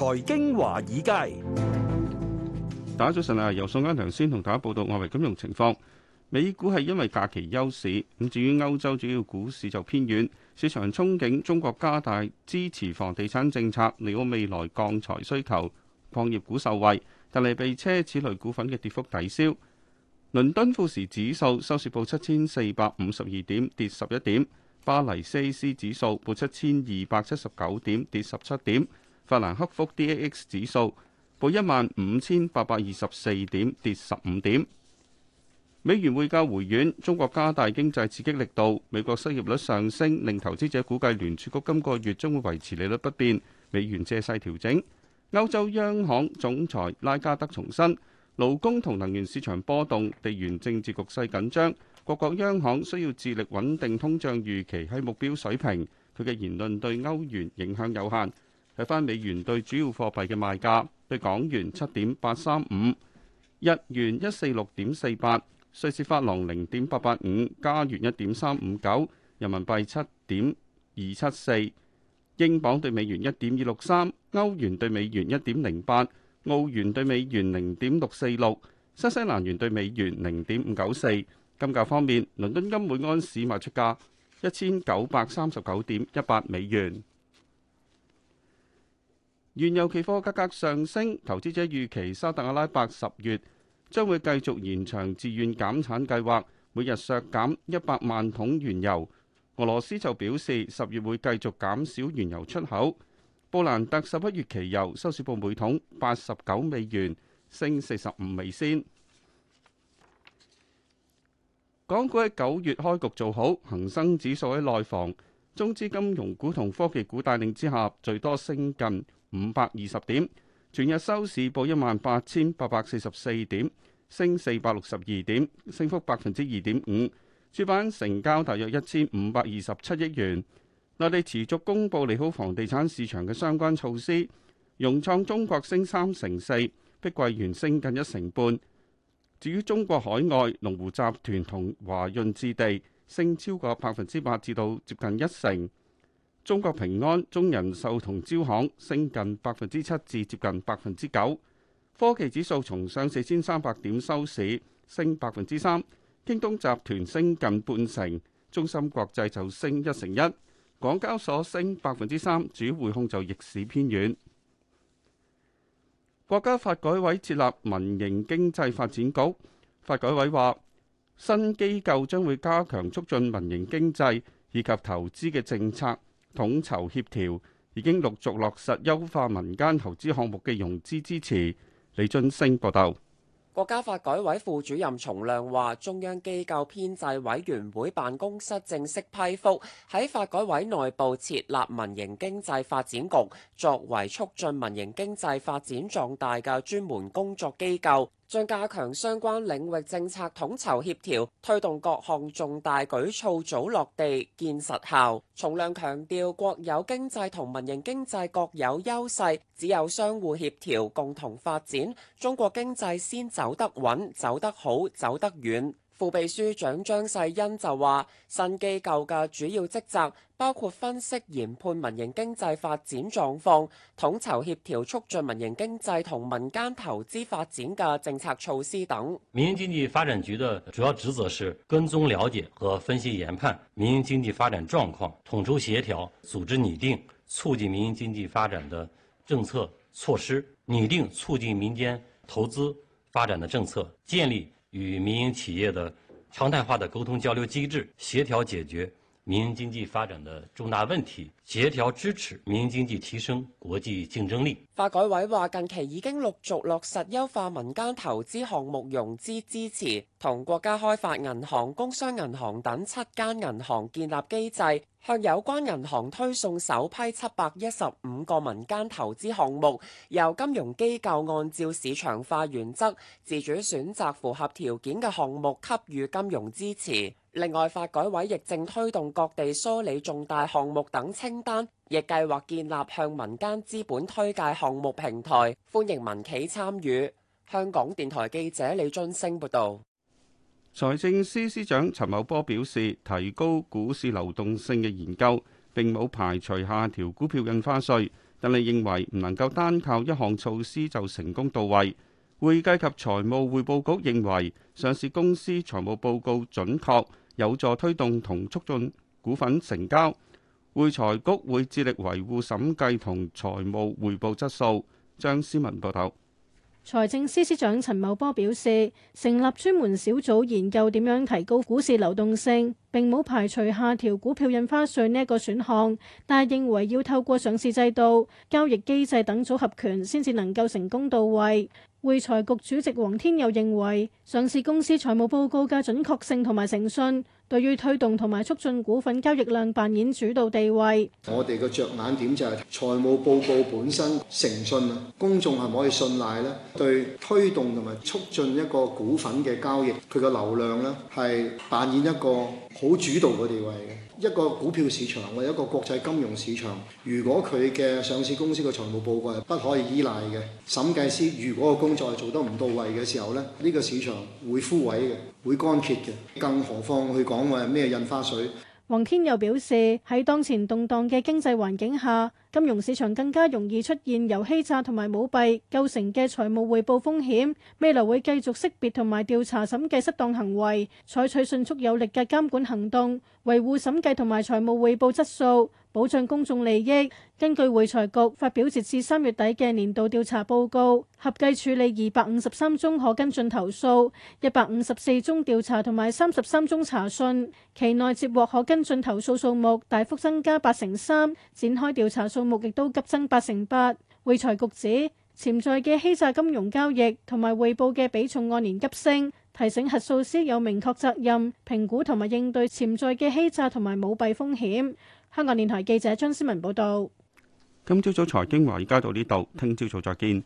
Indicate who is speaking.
Speaker 1: 財經華爾街，大家早晨啊！由宋恩良先同大家報道外圍金融情況。美股係因為假期休市，咁至於歐洲主要股市就偏軟，市場憧憬中國加大支持房地產政策，利好未來鋼材需求，礦業股受惠，但係被奢侈類股份嘅跌幅抵消。倫敦富時指數收市報七千四百五十二點，跌十一點；巴黎 CAC 指數報七千二百七十九點，跌十七點。法蘭克福 DAX 指數報一萬五千八百二十四點，跌十五點。美元匯價回軟，中國加大經濟刺激力度，美國失業率上升，令投資者估計聯儲局今個月將會維持利率不變。美元借勢調整。歐洲央行總裁拉加德重申，勞工同能源市場波動，地緣政治局勢緊張，各國央行需要致力穩定通脹預期喺目標水平。佢嘅言論對歐元影響有限。睇翻美元對主要貨幣嘅賣價，對港元七點八三五，日元一四六點四八，瑞士法郎零點八八五，加元一點三五九，人民幣七點二七四，英鎊對美元一點二六三，歐元對美元一點零八，澳元對美元零點六四六，新西蘭元對美元零點五九四。金價方面，倫敦金每盎司賣出價一千九百三十九點一八美元。原油期貨價格上升，投資者預期沙特阿拉伯十月將會繼續延長自願減產計劃，每日削減一百萬桶原油。俄羅斯就表示，十月會繼續減少原油出口。布蘭特十一月期油收市報每桶八十九美元，升四十五美仙。港股喺九月開局做好，恒生指數喺內房，中資金融股同科技股帶領之下，最多升近五百二十點，全日收市報一萬八千八百四十四點，升四百六十二點，升幅百分之二點五。主板成交大約一千五百二十七億元。內地持續公布利好房地產市場嘅相關措施，融創中國升三成四，碧桂園升近一成半。至於中國海外，龍湖集團同華潤置地升超過百分之八至到接近一成。中國平安、中人壽同招行升近百分之七至接近百分之九。科技指數從上四千三百點收市升百分之三，京東集團升近半成，中芯國際就升一成一，港交所升百分之三，主匯控就逆市偏軟。國家發改委設立民營經濟發展局，發改委話新機構將會加強促進民營經濟以及投資嘅政策。統籌協調，已經陸續落實優化民間投資項目嘅融資支持。李俊升報道。
Speaker 2: 國家發改委副主任叢亮話，中央機構編制委員會辦公室正式批復，喺發改委內部設立民營經濟發展局，作為促進民營經濟發展壯大嘅專門工作機構。將加強相關領域政策統籌協調，推動各項重大舉措早落地、見實效。重亮強調，國有經濟同民營經濟各有優勢，只有相互協調、共同發展，中國經濟先走得穩、走得好、走得遠。副秘書長張世欣就話：新機構嘅主要職責包括分析研判民營經濟發展狀況，統籌協調促進民營經濟同民間投資發展嘅政策措施等。民營經濟發展局的主要職責是跟蹤了解和分析研判民營經濟發展狀況，統籌協調，組織擬定促進民營經濟發展的政策措施，擬定促進民間投資發展的政策，建立。與民營企業的常態化的溝通交流機制，協調解決，民營經濟發展的重大問題，協調支持民營經濟提升國際競爭力。發改委話，近期已經陸續落實優化民間投資項目融資支持，同國家開發銀行、工商銀行等七間銀行建立機制，向有關銀行推送首批七百一十五個民間投資項目，由金融機構按照市場化原則自主選擇符合條件嘅項目，給予金融支持。另外，發改委亦正推動各地梳理重大項目等清單，亦計劃建立向民間資本推介項目平台，歡迎民企參與。香港電台記者李俊升報道。
Speaker 1: 財政司司長陳茂波表示，提高股市流動性嘅研究，並冇排除下調股票印花稅，但係認為唔能夠單靠一項措施就成功到位。會計及財務匯報局認為上市公司財務報告準確，有助推動同促進股份成交。會財局會致力維護審計同財務匯報質素。張思文報道。
Speaker 3: 財政司司長陳茂波表示，成立專門小組研究點樣提高股市流動性，並冇排除下調股票印花稅呢一個選項，但係認為要透過上市制度、交易機制等組合拳，先至能夠成功到位。會財局主席黃天佑認為，上市公司財務報告嘅準確性同埋誠信。對於推動同埋促進股份交易量扮演主導地位，
Speaker 2: 我哋個着眼點就係財務報告本身誠信，公眾係唔可以信賴咧。對推動同埋促進一個股份嘅交易，佢個流量咧係扮演一個好主導嘅地位嘅。一個股票市場，或者一個國際金融市場，如果佢嘅上市公司嘅財務報告係不可以依賴嘅，審計師如果個工作係做得唔到位嘅時候咧，呢個市場會枯萎嘅。會乾涸嘅，更何況去講話係咩印花水。
Speaker 3: 黃天佑表示，喺當前動盪嘅經濟環境下，金融市場更加容易出現由欺詐同埋舞弊構成嘅財務匯報風險。未來會繼續識別同埋調查審計失當行為，採取迅速有力嘅監管行動，維護審計同埋財務匯報質素。保障公眾利益。根據會財局發表截至三月底嘅年度調查報告，合計處理二百五十三宗可跟進投訴，一百五十四宗調查同埋三十三宗查訊。期內接獲可跟進投訴數目大幅增加八成三，展開調查數目亦都急增八成八。會財局指潛在嘅欺詐金融交易同埋匯報嘅比重按年急升，提醒核數師有明確責任評估同埋應對潛在嘅欺詐同埋舞弊風險。香港電台記者張思文報道。
Speaker 1: 今朝早財經，華爾街到呢度，聽朝早再見。